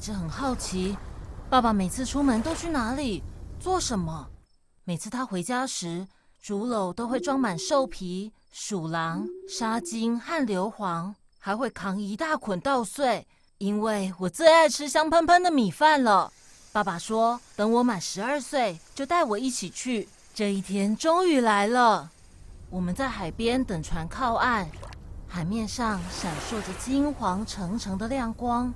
一直很好奇，爸爸每次出門都去哪裡做什麼？每次他回家時，竹簍都會裝滿獸皮、鼠狼、沙金和硫磺，還會扛一大捆稻穗。因為我最愛吃香噴噴的米飯了。爸爸說，等我滿十二歲，就帶我一起去。這一天終於來了，我們在海邊等船靠岸，海面上閃爍着金黃澄澄的亮光。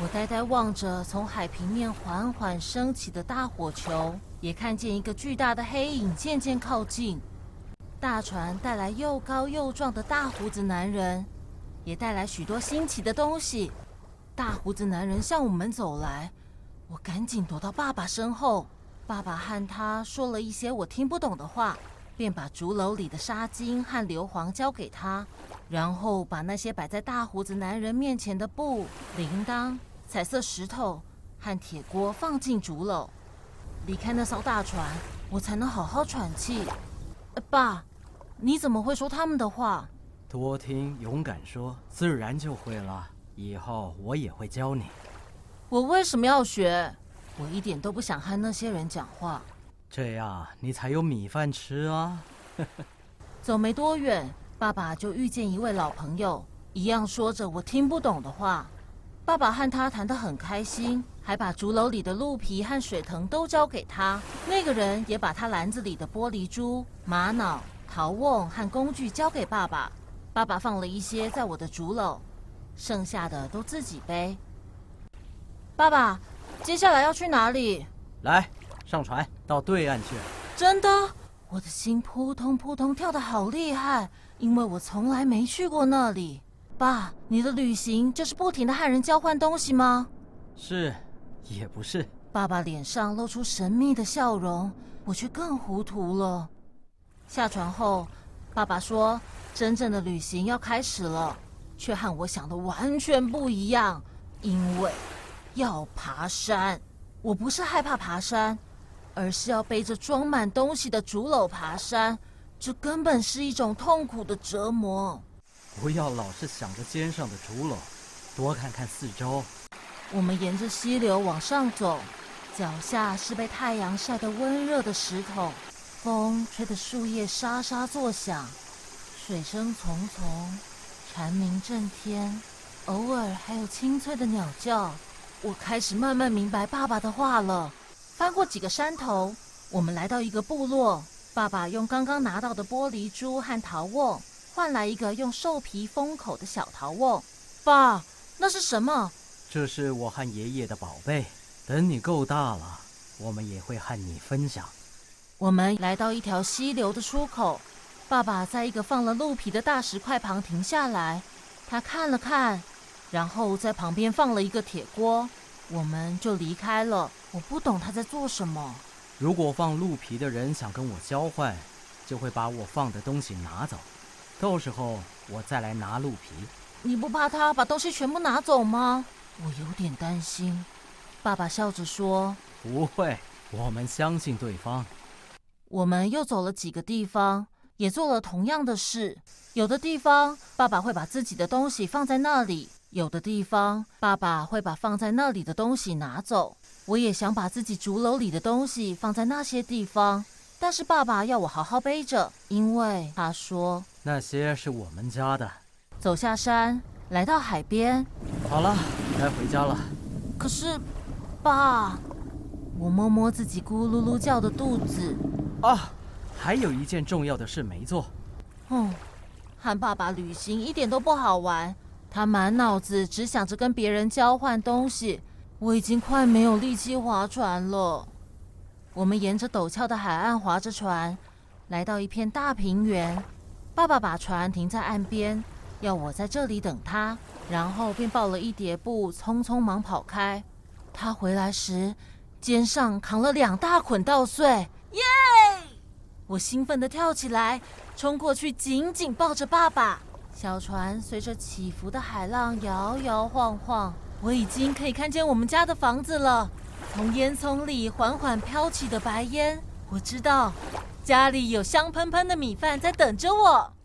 我呆呆望着從海平面緩緩升起的大火球，也看見一個巨大的黑影漸漸靠近。大船帶來又高又壯的大鬍子男人，也帶來許多新奇的東西。大鬍子男人向我們走來，我趕緊躲到爸爸身後。爸爸和他說了一些我聽不懂的話。便把竹簍裡的砂金和硫磺交給他，然後把那些擺在大鬍子男人面前的布、鈴鐺、彩色石頭和鐵鍋放進竹簍，離開那艘大船，我才能好好喘氣。爸，你怎麼會說他們的話？多聽，勇敢說，自然就會了。以後我也會教你。我為什麼要學？我一點都不想和那些人講話。這樣你才有米飯吃啊！呵呵。走沒多遠，爸爸就遇見一位老朋友，一樣說着我聽不懂的話。爸爸和他談得很開心，還把竹簍裡的鹿皮和水藤都交給他。那個人也把他籃子裡的玻璃珠、瑪瑙、陶甕和工具交給爸爸。爸爸放了一些在我的竹簍，剩下的都自己背。爸爸，接下來要去哪裡？來。上船到對岸去。真的，我的心撲通撲通跳得好厲害，因為我從來沒去過那裡。爸，你的旅行就是不停地和人交換東西嗎？是，也不是。爸爸臉上露出神秘的笑容，我卻更糊塗了。下船後，爸爸說：“真正的旅行要開始了。”卻和我想的完全不一樣，因為要爬山。我不是害怕爬山。而是要背着裝滿東西的竹簍爬山，這根本是一種痛苦的折磨。不要老是想着肩上的竹簍，多看看四周。我們沿着溪流往上走，腳下是被太陽曬得溫熱的石頭，風吹得樹葉沙沙作響，水聲淙淙，蟬鳴震天，偶爾還有清脆的鳥叫。我開始慢慢明白爸爸的話了。翻過幾個山頭，我們來到一個部落。爸爸用剛剛拿到的玻璃珠和陶甕，換來一個用獸皮封口的小陶甕。爸，那是什麼？這是我和爺爺的寶貝，等你夠大了，我們也會和你分享。我們來到一條溪流的出口，爸爸在一個放了鹿皮的大石塊旁停下來，他看了看，然後在旁邊放了一個鐵鍋。我們就離開了。我不懂他在做什麼。如果放鹿皮的人想跟我交換，就會把我放的東西拿走，到時候我再來拿鹿皮。你不怕他把東西全部拿走嗎？我有點擔心。爸爸笑着說：“不會，我們相信對方。”我們又走了幾個地方，也做了同樣的事。有的地方，爸爸會把自己的東西放在那裡。有的地方，爸爸會把放在那裡的東西拿走。我也想把自己竹簍裡的東西放在那些地方，但是爸爸要我好好背着，因為他說那些是我們家的。走下山，來到海邊。好了，你該回家了。可是，爸，我摸摸自己咕嚕嚕叫的肚子。啊，還有一件重要的事沒做。哼，和爸爸旅行一點都不好玩。他滿腦子只想着跟別人交換東西，我已經快沒有力氣划船了。我們沿着陡峭的海岸划着船，來到一片大平原。爸爸把船停在岸邊，要我在這裡等他，然後便抱了一疊布，匆匆忙跑開。他回來時，肩上扛了兩大捆稻穗，耶！Yeah! 我興奮地跳起來，衝過去緊緊抱着爸爸。小船隨着起伏的海浪搖搖晃晃，我已經可以看見我們家的房子了，從煙囪裡緩緩飄起的白煙，我知道家裡有香噴噴的米飯在等着我。